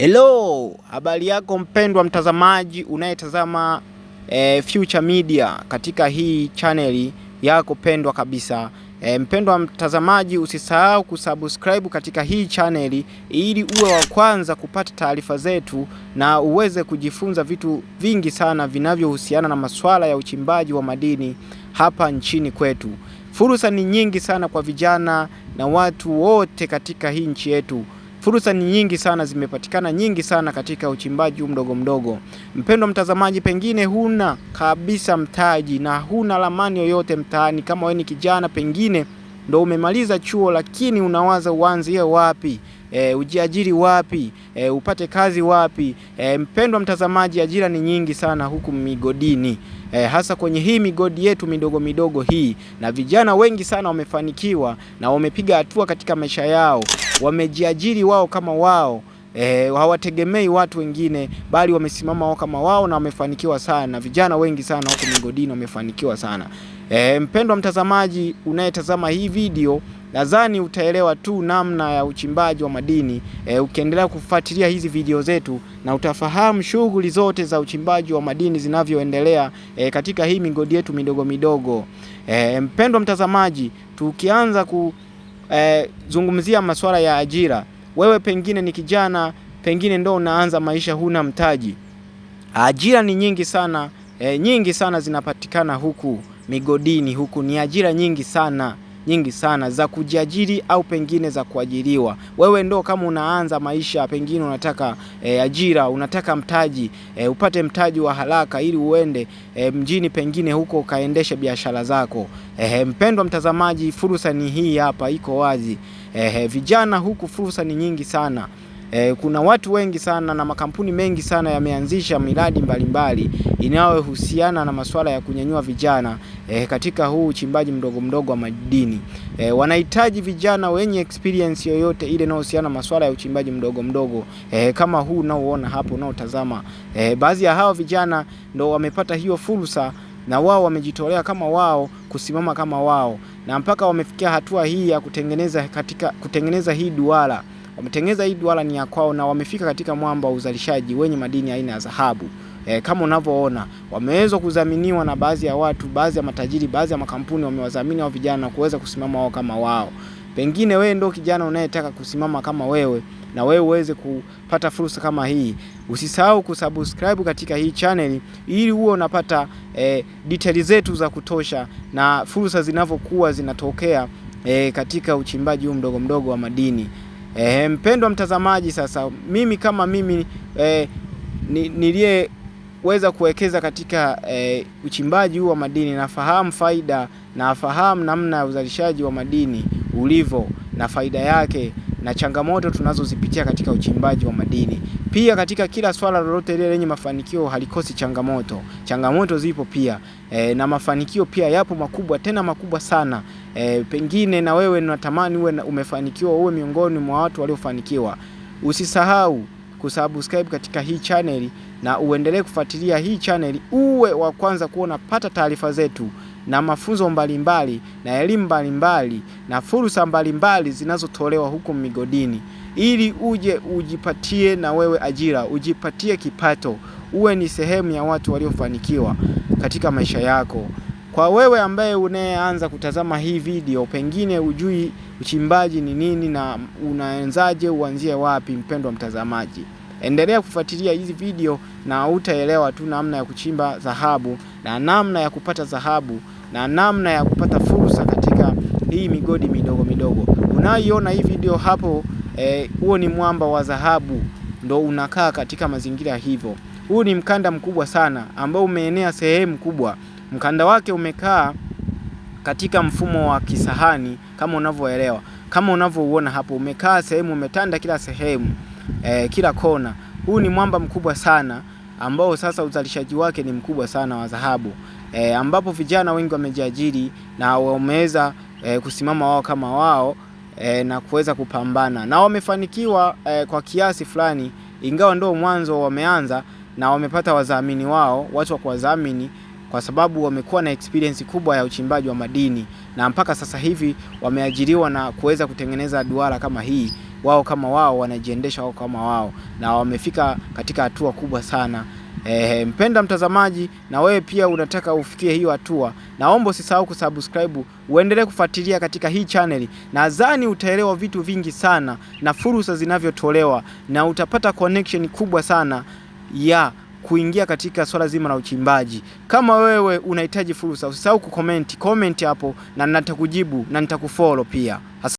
Hello, habari yako mpendwa mtazamaji unayetazama e, Future Media katika hii chaneli yako pendwa kabisa. E, mpendwa mtazamaji usisahau kusubscribe katika hii chaneli ili uwe wa kwanza kupata taarifa zetu na uweze kujifunza vitu vingi sana vinavyohusiana na masuala ya uchimbaji wa madini hapa nchini kwetu. Fursa ni nyingi sana kwa vijana na watu wote katika hii nchi yetu. Fursa ni nyingi sana, zimepatikana nyingi sana katika uchimbaji huu mdogo mdogo. Mpendwa mtazamaji, pengine huna kabisa mtaji na huna lamani yoyote mtaani. Kama wewe ni kijana, pengine ndo umemaliza chuo, lakini unawaza uanzie wapi? E, ujiajiri wapi? E, upate kazi wapi? E, mpendwa mtazamaji, ajira ni nyingi sana huku migodini. E, hasa kwenye hii migodi yetu midogo midogo hii, na vijana wengi sana wamefanikiwa na wamepiga hatua katika maisha yao wamejiajiri wao kama wao eh, hawategemei watu wengine bali wamesimama wao kama wao na wamefanikiwa sana. Vijana wengi sana huko migodini wamefanikiwa sana. Eh, mpendwa mtazamaji unayetazama hii video, nadhani utaelewa tu namna ya uchimbaji wa madini e, ukiendelea kufuatilia hizi video zetu na utafahamu shughuli zote za uchimbaji wa madini zinavyoendelea e, katika hii migodi yetu midogo midogo. E, mpendwa mtazamaji tukianza ku eh, zungumzia masuala ya ajira. Wewe pengine ni kijana, pengine ndo unaanza maisha, huna mtaji. Ajira ni nyingi sana eh, nyingi sana zinapatikana huku migodini, huku ni ajira nyingi sana nyingi sana za kujiajiri au pengine za kuajiriwa. Wewe ndo kama unaanza maisha, pengine unataka e, ajira, unataka mtaji e, upate mtaji wa haraka ili uende e, mjini, pengine huko ukaendeshe biashara zako. Ehe, mpendwa mtazamaji, fursa ni hii hapa, iko wazi. Ehe, vijana huku fursa ni nyingi sana. E, kuna watu wengi sana na makampuni mengi sana yameanzisha miradi mbalimbali inayohusiana na masuala ya kunyanyua vijana e, katika huu uchimbaji mdogo mdogo wa madini e, wanahitaji vijana wenye experience yoyote ile inayohusiana na masuala ya uchimbaji mdogo mdogo e, kama huu unaoona hapo unaotazama. E, baadhi ya hao vijana ndo wamepata hiyo fursa na wao wamejitolea kama wao kusimama kama wao na mpaka wamefikia hatua hii ya kutengeneza katika kutengeneza hii duara wametengeneza hii duara ni ya kwao na wamefika katika mwamba wa uzalishaji wenye madini aina ya dhahabu. E, kama unavyoona wameweza kudhaminiwa na baadhi ya watu, baadhi ya matajiri, baadhi ya makampuni wamewadhamini hao vijana na kuweza kusimama wao kama wao. Pengine wewe ndio kijana unayetaka kusimama kama wewe na wewe uweze kupata fursa kama hii. Usisahau kusubscribe katika hii channel ili uwe unapata e, details zetu za kutosha na fursa zinavyokuwa zinatokea e, katika uchimbaji huu mdogo mdogo wa madini. Eh, mpendwa mtazamaji, sasa mimi kama mimi eh, niliyeweza kuwekeza katika eh, uchimbaji huu wa madini, nafahamu faida, nafahamu namna ya uzalishaji wa madini ulivyo na faida yake na changamoto tunazozipitia katika uchimbaji wa madini. Pia katika kila swala lolote lile lenye mafanikio halikosi changamoto. Changamoto zipo pia e, na mafanikio pia yapo makubwa, tena makubwa sana. E, pengine na wewe natamani uwe umefanikiwa, uwe miongoni mwa watu waliofanikiwa. Usisahau kusubscribe katika hii chaneli na uendelee kufuatilia hii chaneli, uwe wa kwanza kuona pata taarifa zetu na mafunzo mbalimbali mbali, na elimu mbalimbali na fursa mbalimbali zinazotolewa huko migodini, ili uje ujipatie na wewe ajira, ujipatie kipato, uwe ni sehemu ya watu waliofanikiwa katika maisha yako. Kwa wewe ambaye unayeanza kutazama hii video, pengine ujui uchimbaji ni nini na unaanzaje, uanzie wapi? Mpendwa mtazamaji, endelea kufuatilia hizi video na utaelewa tu namna ya kuchimba dhahabu na namna ya kupata dhahabu na namna ya kupata fursa katika hii migodi midogo midogo unayoiona hii video hapo. Eh, huo eh, ni mwamba wa dhahabu ndo unakaa katika mazingira hivyo. Huu ni mkanda mkubwa sana ambao umeenea sehemu kubwa. Mkanda wake umekaa katika mfumo wa kisahani kama unavyoelewa, kama unavyouona hapo, umekaa sehemu, umetanda kila sehemu e, kila kona. Huu ni mwamba mkubwa sana ambao sasa uzalishaji wake ni mkubwa sana wa dhahabu e, ambapo vijana wengi wamejiajiri na wameweza e, kusimama wao kama wao e, na kuweza kupambana na wamefanikiwa e, kwa kiasi fulani, ingawa ndio mwanzo wameanza, na wamepata wadhamini wao, watu wa kuwadhamini kwa sababu wamekuwa na experience kubwa ya uchimbaji wa madini na mpaka sasa hivi wameajiriwa na kuweza kutengeneza duara kama hii. Wao kama wao wanajiendesha wao kama wao, na wamefika katika hatua kubwa sana. E, mpenda mtazamaji, na wewe pia unataka ufikie hiyo hatua, naomba usisahau kusubscribe, uendelee kufuatilia katika hii chaneli. Nadhani utaelewa vitu vingi sana na fursa zinavyotolewa na utapata connection kubwa sana ya kuingia katika swala zima la uchimbaji. Kama wewe unahitaji fursa, usisahau kukomenti, comment hapo na nitakujibu na nitakufollow pia.